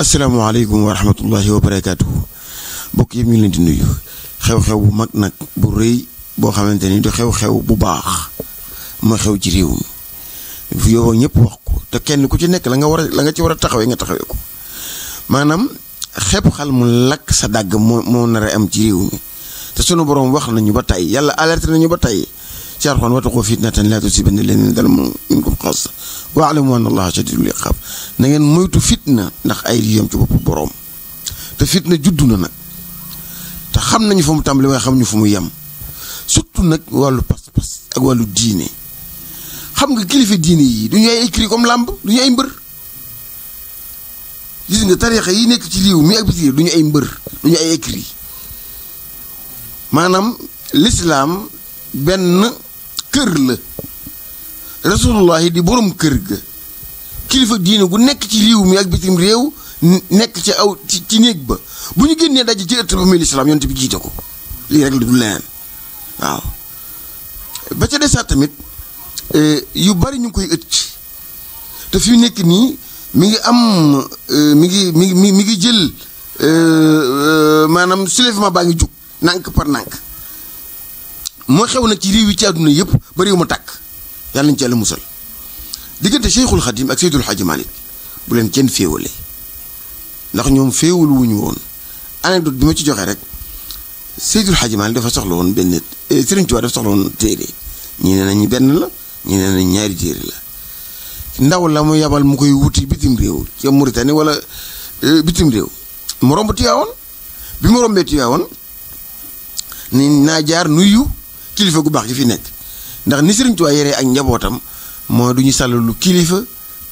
asalaamaaleykum wa rahmatullahi wa barakaatu mbokk yëpp ñu ngi leen di nuyu xew-xew bu mag nag bu rëy boo xamante ni du xew-xew bu baax ma xew ci réew mi yow ñëpp wax ko te kenn ku ci nekk la nga war a la nga ci war a taxawee nga taxawee ko maanaam xepp xal mu lakk sa dàgg moo moo nar a am ci réew mi te sunu borom wax nañu ba tey yàlla alerte nañu ba tey ci Alxuraan wattaqu fitnatan laa tusiibanna llaziina zalamu minkum xaassa واعلموا ان الله شديد العقاب نين مويتو فتنه ناخ اي ريام تي بوب بروم تا فتنه جودنا نا تا خم ناني فوم تام لي خم ني فوم يام سورتو نا والو باس باس اك والو ديني خم نغ كليفه ديني دي نيو ايكري كوم لامب دي اي مبر جيس نغ تاريخ يي نيك تي ليو مي اك بيتي دي اي مبر دي اي ايكري مانام الاسلام بن كير rasulullahi di borom kër ga kilifa diine gu nekk ci réew mi ak bitim réew nekk ci aw ci néeg ba bu ñu génnee daje ci ëtt ba muy lislaam bi jiite ko lii rek du leneen waaw ba ca desaat tamit e, yu bari ñu ngi koy ëtt te fi nekk nii mi ngi am e, mi ngi mi ngi mi ngi jël e, maanaam soulèvement baa ngi jug nànk par nànk moo xew nag ci réew yi ci àdduna yëpp ba réew ma tàkk يالا نتي يالا موسال ديغنت شيخ الخديم اك سيد الحاج مالك بولن كين فيولي ناخ نيوم فيول وون وون انا دو ديما تي جوخي رك سيد الحاج مالك دافا سوخلو وون بن سيرن تيوا دافا سوخلو وون تيلي ني نانا ني بن لا ني نانا نياري تيري لا ndaw lamu yabal mu koy wuti bitim rew ci mauritanie wala eh, bitim rew mu rombu tiyawon bi mu rombe tiyawon ni na jaar nuyu kilifa gu bax ndax ni Serigne Touba yore ak njabootam moo du ñu lu kilifa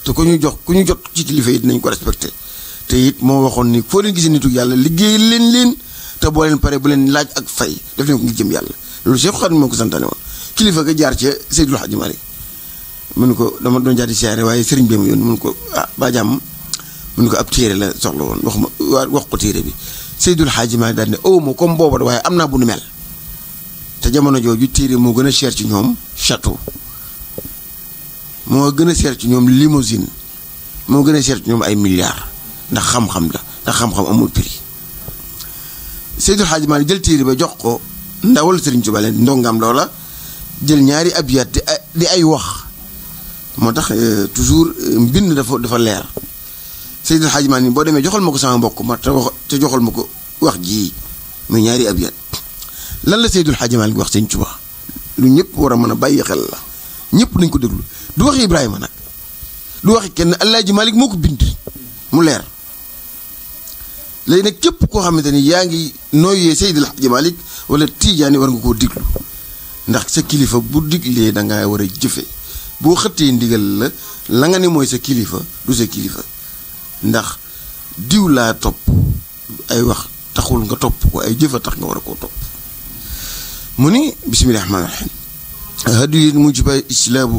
te ku ñu jox ku ñu jot ci kilifa yi dinañ ko respecté te it moo waxoon ni foo leen gisee nitu yàlla liggéey leen leen te boo leen pare bu leen laaj ak fay def leen ko ngi jëm yàlla loolu Cheikh Xadim moo ko santaane woon kilifa ga jaar ca Seydou Hadj Malick mun ko dama doon jaar di waaye sëriñ bi mu yoon mun ko ah ba mun ko ab téere la soxla woon wax ma wax ko téere bi Seydou Hadj Malick daal ne aw ma comme booba waaye am naa bu nu mel. te jamono jooju téere moo gën a cher ci ñoom château moo gën a cher ci ñoom limousine moo gën a cher ci ñoom ay milliards ndax xam-xam la ndax xam-xam amul prix Seydou Hadj Malick jël téere ba jox ko ndawal Serigne Touba leen ndongam loola jël ñaari abiyat di ay wax moo tax euh, toujours euh, mbind dafa dafa leer Seydou Hadj Malick boo demee joxal ma ko sama mbokk ma te wax te joxal ma ko wax jii muy ñaari abiyat lan la Seydul Xaaji Maalik wax sañ Tuubaa lu ñëpp war a mën a bàyyi xel la ñëpp dañ ko déglu du waxi Ibrahima nag du waxi kenn Alaaji Maalik moo ko bind mu leer léegi nag képp koo xamante ni yaa ngi nooyee Seydul Xaaji Maalik wala Tijaani war nga koo diglu ndax sa kilifa bu diglee da war a jëfe boo xëttee ndigal la la nga ne mooy sa kilifa du sa kilifa ndax diw laa topp ay wax taxul nga topp ko ay jëfa tax nga war a koo topp مني بسم الله الرحمن الرحيم هدي المجب إسلام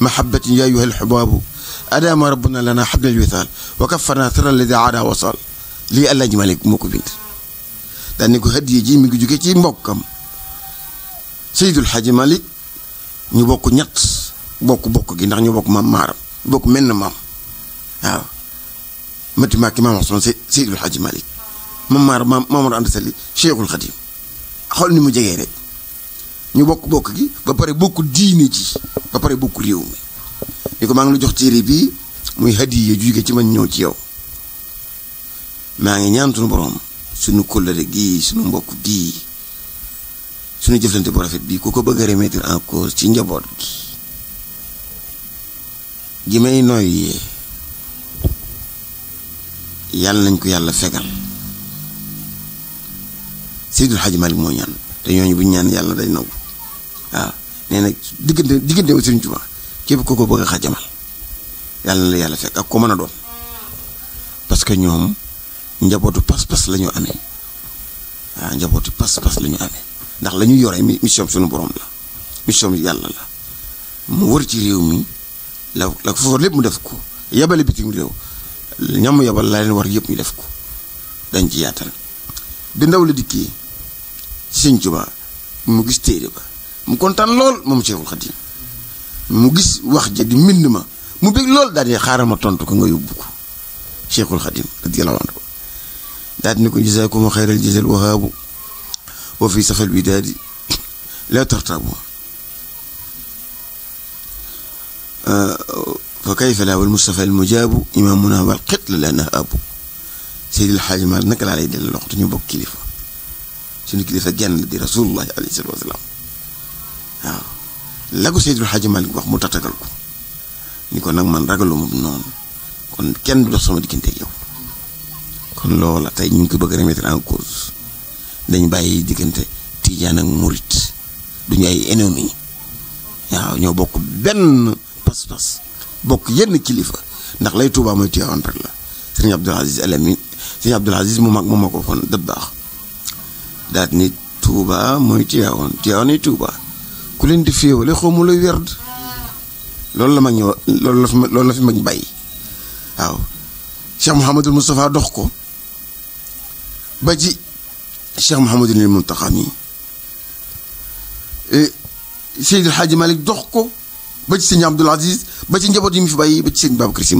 محبة يا أيها الحباب أدام ربنا لنا حبل الوثال وكفرنا ثر الذي عاد وصل لي الله جمالك موكو بنت داني كو هدي جي ميغي جوكي تي مبوكام سيد الحاج مالك ني بوك نيات بوك بوك غي ناخ ني بوك مام مار بوك من مام واو متي ماكي مام عثمان سيد الحاج مالك مام مار مام مام اند سالي شيخ القديم خول ني مو جيغي رك ñu bokk bokk gi ba pare bokk diine ji ba pare bokk réew mi ni ko maa ngi la jox téere bii muy hadiya jóge ci man ñëw ci yow maa ngi ñaan sunu borom sunu kóllëre gii sunu mbokk gii sunu jëflante bu rafet bii ko ko bëgg a remettre en cause ci njaboot gi gi may yi yàlla nañ ko yàlla fegal Seydul Xaaj Malik moo ñaan te ñooñu bu ñaan yàlla day nangu waaw nee na diggante diggante wu Serigne Touba képp ku ko bëgg a xajamal yàlla na la yàlla fekk ak ko mën a doon parce que ñoom njabootu pas-pas la ñu amee waaw njabootu pas-pas la ñu amee ndax la ñu yore mission suñu borom la mission yàlla la mu wër ci réew mi la la foofu lépp mu def ko yabale bitim réew ñam yabal laa leen war yëpp ñu def ko dañ ci ndaw la dikkee ci Sëñ Tuubaa mu gis téere ba mu kontaan lool moom Cheikhul Khadim mu gis wax ja di mbind ma mu bég lool daal di xaaral ma tontu ko nga yóbbu ko Cheikhul Khadim radiyallahu anhu daal di ne ko jazaakum xayral jazal wahaabu wa fi safal bidaadi laa tartaabu fa kayfa laa wal Mustafa al mujaabu imaamuna wal xit la laa nahaabu Seydi El Hadji Malick naka laa lay delloo loxo ñu bokk kilifa suñu kilifa genn di rasulullahi alayhi salaatu wasalaam waaw la ko Seydil Hadji wax mu tatagal ko ni ko nag man ragaluma noonu kon kenn du dox sama diggante ak yow kon loola tey ñu ngi ko bëgg remettre en cause dañ bàyyi diggante Tijaan ak Murit duñu ay ennemis waaw ñoo bokk benn pas-pas bokk yenn kilifa ndax lay Tuubaa mooy Tiwaawan rek la sëriñ Abdul Aziz Alamin sëriñ Abdul mu mag mu ma ko kon dëb baax daat ni Tuubaa mooy Tiwaawan Tiwaawan yi Tuubaa ku leen di féewale xaw ma lay werd loolu la mag ñi loolu la fi loolu la fi mag ñi bàyyi waaw Cheikh Mouhamadul Moustapha dox ko ba ci Cheikh Mouhamadul Mountakha mi eh, Seydil Hadji Malick dox ko ba ci sëñ Abdoul Aziz ba ci njaboot yi mu ba ci sëñ Babacar xam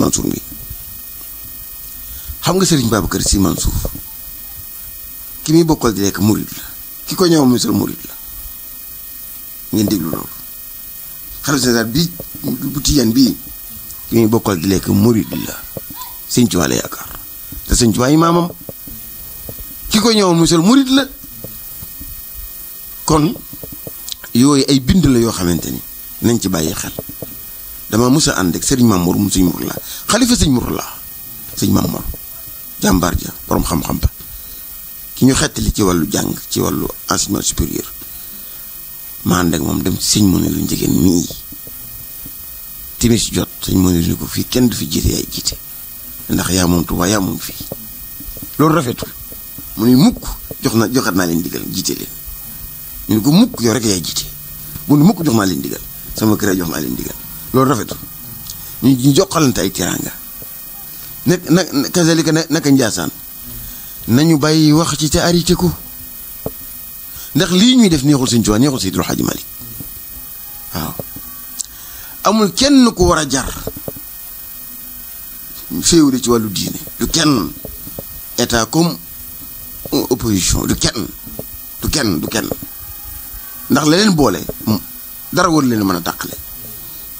nga sëriñ Babacar Sy Mansour ki muy bokkal di lekk murid la ki ko ñëw misaal murid la ngeen déglu loolu xalifa général bi bu tijaan bii ki ñu bokkal di lekk murid la sëñ Tuubaa la yaakaar yi maamam ki ko ñëwoon musal murid la kon yooyu ay bind la yoo xamante ni nañ ci bàyyi xel dama mës a ànd ak sëriñ Mamour mu sëñ Mourala xalifa sëñ Mourala sëñ Mamour jàmbaar ja borom xam-xam ba ki ñu xettali ci wàllu jàng ci wàllu enseignement supérieur ma ànd moom dem sëñ Muniru Njigéen mii timis jot sëñ Muniru ni ko fii kenn du fi jiite yaay jiite ndax yaa moom Tuubaa yaa moom fii loolu rafetu mu ne mukk jox na joxat naa leen digal jiite leen ñu ne ko mukk yow rek yaay jiite bu ne mukk jox naa leen digal sama kër jox naa leen digal loolu rafetu ñu ñu joxalante ay teraanga nekk na kazalika naka njaasaan nañu bàyyi wax ci te arrêté ko ndax lii ñuy def neexul sëñ Tuubaa neexul Seydil Xaaji Malik waaw amul kenn ku war a jar féewle ci wàllu diine du kenn état comme opposition du kenn du kenn du kenn ndax la leen boole dara war leen mën a tàqale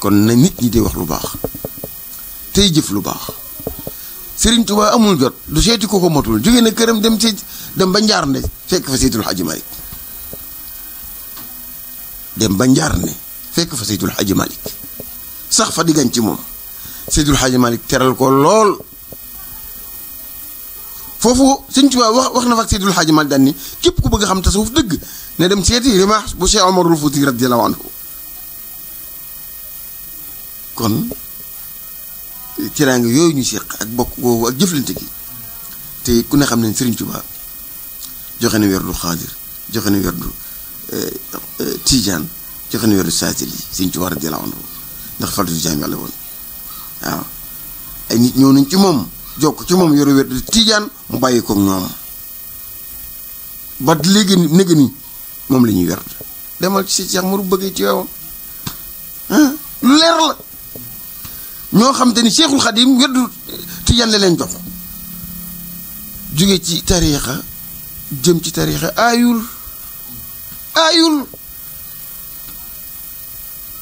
kon na nit ñi di wax lu baax tey jëf lu baax Sëriñ Tuubaa amul jot du seeti ko ko motul jóge na këram dem ci dem ba njaar ne fekk fa seetul Xaaji Malik dem ba njaar ne fekk fa Seydul Xaaji Malik sax fa diggan ci moom Seydul Xaaji Malik teral ko lool foofu Sëñ Tuubaa wax wax na fa ak Seydul Xaaji Malik daan ni képp ku bëgg xam tasawuf dëgg ne dem seeti rimaax bu Cheikh Omarul Fuuti radiyallaahu anhu kon teraanga yooyu ñu séq ak bokk googu ak jëflante gi te ku ne xam ne Sëriñ Tuubaa joxe na werdu xaadir joxe na werdu Euh, euh, Tijaan ci xanu weeru saasir yi Sëñ Tuubaa radiyallaahu anhu ndax xalatu jaam yàlla woon waaw ay nit ñëw nañ ci moom jokk ci moom yoru weeru Tijaan mu bàyyi ko ñoom ba léegi néega ni moom la ñuy werd demal ci si Cheikh Mourou bëggee ci yowoon lu leer ñoo xam te ni Cheikhul Xadim werdu Tijaan la leen jox jóge ci tariixa jëm ci tariixa aayul aayul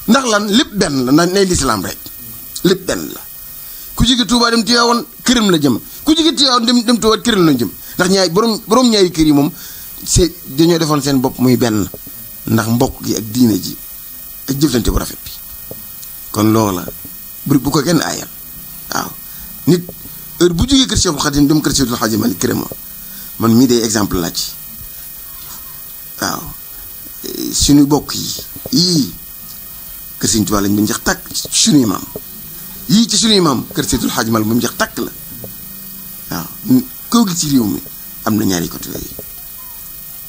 ndax lan lépp benn la na nay lislaam rek lépp benn la ku jóge Tuubaa dem Tiwaawan këram la jëm ku jóge Tiwaawan dem dem Tuubaa këram la jëm ndax ñaay borom borom ñaayu kër yi moom c'est dañoo defoon seen bopp muy benn ndax mbokk gi ak diine ji ak jëflante bu rafet bi kon loola bu bu ko kenn aayal waaw nit heure bu jógee kër Seexul Xadim dem kër Seexul Xadim Maalik man mii day exemple laa ci waaw suñu bokk yi yii kër si Tuubaa lañ ba mu jeex tàkk ci suñuy maam yii ci suñuy maam kër Seydul Xaaj Maalik ba mu jeex tàkk la waaw koo gi ci réew mi am na ñaari côté yooyu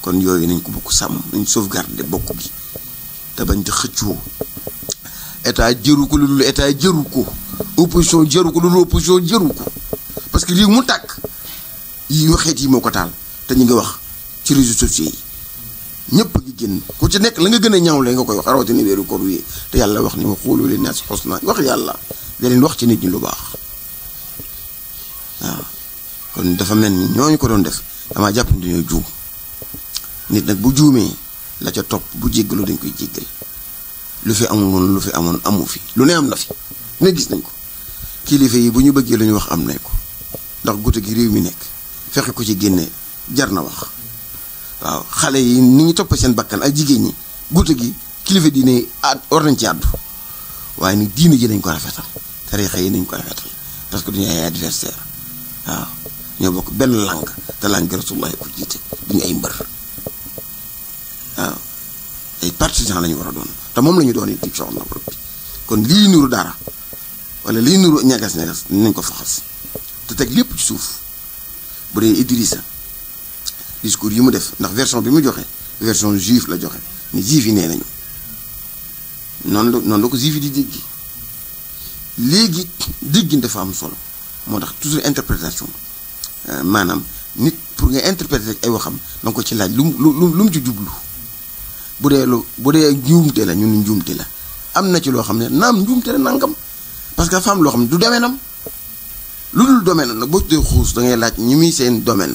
kon yooyu nañ ko bokk sàmm nañ sauvegarder bokk gi te bañ di xëccoo état jëru ko lu dul état jëru ko opposition jëru ko lu dul opposition jëru ko parce que réew mu tàkk yi waxeet yi moo ko taal te ñu ngi wax ci réseaux sociaux yi ñépp a ngi génn ku ci nekk la nga gën a ñaawle nga koy wax rawatina weeru ko wi te yàlla wax ni wa xuulu li naas xusna wax yàlla da leen wax ci nit ñi lu baax waaw kon dafa mel ni ñu ko doon def damaa jàpp ni dañoo juum nit nag bu juumee la ca topp bu jéggaloo dañ koy jéggal lu fi amul lu fi amoon amu fi lu ne am na fi ne gis nañ ko kilifa yi bu ñu bëggee lu wax am nañ ko ndax gute gi réew mi nekk fexe ko ci génne jar na wax waaw xale yi ni ñu topp seen bakkan ak jigéen ñi guute gi kilifa diine at war nañ ci àddu waaye ni diine ji nañ ko rafetal tariixa yi nañ ko rafetal parce que duñu ay adversaire waaw ñoo bokk benn làng te làng Rasulullahi ko jiite duñu ay mbër waaw ay partisan la ñu war a doon te moom la ñu doon incha allah rabbi kon lii nuru dara wala lii nuru ñagas nañ ko faxas te teg lépp ci suuf bu dee Idrissa discours yi mu def ndax version bi mu joxe version juif la joxe ni juif yi nee nañu noonu la noonu la ko juif yi di déggi léegi déggin dafa am solo moo tax toujours interprétation euh, maanaam nit pour nga interpréter ay waxam na ko ci laaj lu mu lu lu mu ci jublu bu dee lu bu dee njuumte la ñun njuumte la am na ci loo xam ne naam njuumte la nangam parce que dafa am loo xam ne du domaine am lu dul domaine am nag boo ci xuus da ngay laaj ñi muy seen domaine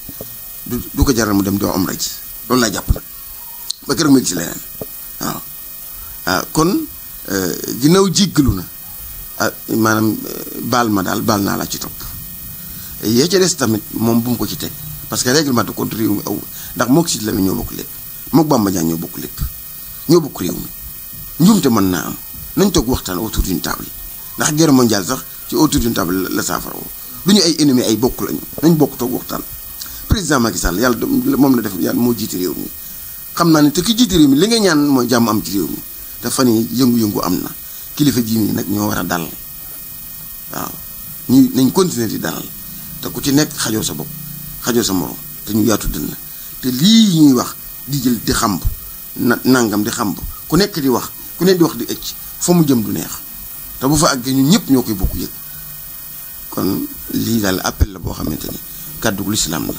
du du ko jaral mu dem di omra ji loolu laa jàpp nag ba keroog muy gis leneen waaw ah kon eh, ginnaaw jéggalu na ah maanaam eh, baal ma daal baal naa laa ci topp yee ca des tamit moom bu mu ko ci teg parce que règlement de compte réew mi aw ndax mook Sidy Lamine ñoo bokk lépp mook Bamba Diagne bokk lépp ñoo bokk réew mi mën naa am nañ toog waxtaan autour d'une ndax guerre mondiale sax ci autour d'une table la saafara woo du ñu ay ennemis ay bokk lañu nañ bokk toog waxtaan président Macky Sall yàlla moom la def yàlla moo jiite réew mi xam naa ne te ki jiite réew mi li nga ñaan mooy jàmm am ci réew mi te fan yi yëngu-yëngu am na kilifa ji nii nag ñoo war a dal waaw ñu nañ continuer di dalal te ku ci nekk xajoo sa bopp xajoo sa morom te ñu yaatu dënn te lii ñuy wax di jël di xamb na nangam di xamb ku nekk di wax ku nekk di wax di ëcc fa mu jëm du neex te bu fa àggee ñun ñëpp ñoo koy bokk yëg kon lii daal appel la boo xamante ni. kàddu gu lislaam la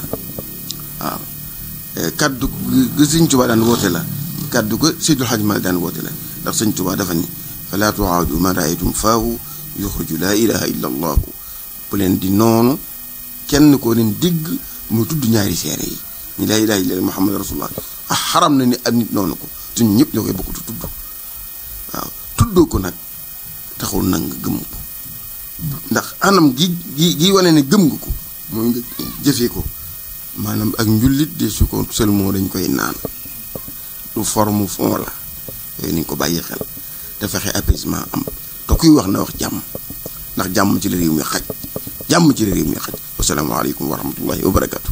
waaw eh, kàddu gu sëñ Tuubaa daan woote la kàddu gu Seydul Xaj Maalik daan woote la ndax sëñ Tuubaa dafa ni falaa tuaadu man raaytum faahu yuxriju laa ilaha di noonu kenn koo leen digg mu tudd ñaari seere yi ñi laa ilaha illa muhammad rasulullah ah xaram na ni ab nit noonu ko te ñun ñoo koy bokk tudd waaw tuddoo ko nag taxul nag nga gëm ko ndax anam gi gi gi wane ne gëm nga ko mooy nga jëfee ko maanaam ak njullit de su ko seulement dañ koy naan lu forme fond la yooyu nañ ko bàyyi xel te fexe apaisement am te kuy wax na wax jàmm ndax jàmm ci la réew mi xaj jàmm ci la réew mi xaj wasalaamaaleykum wa rahmatullahi wa barakatu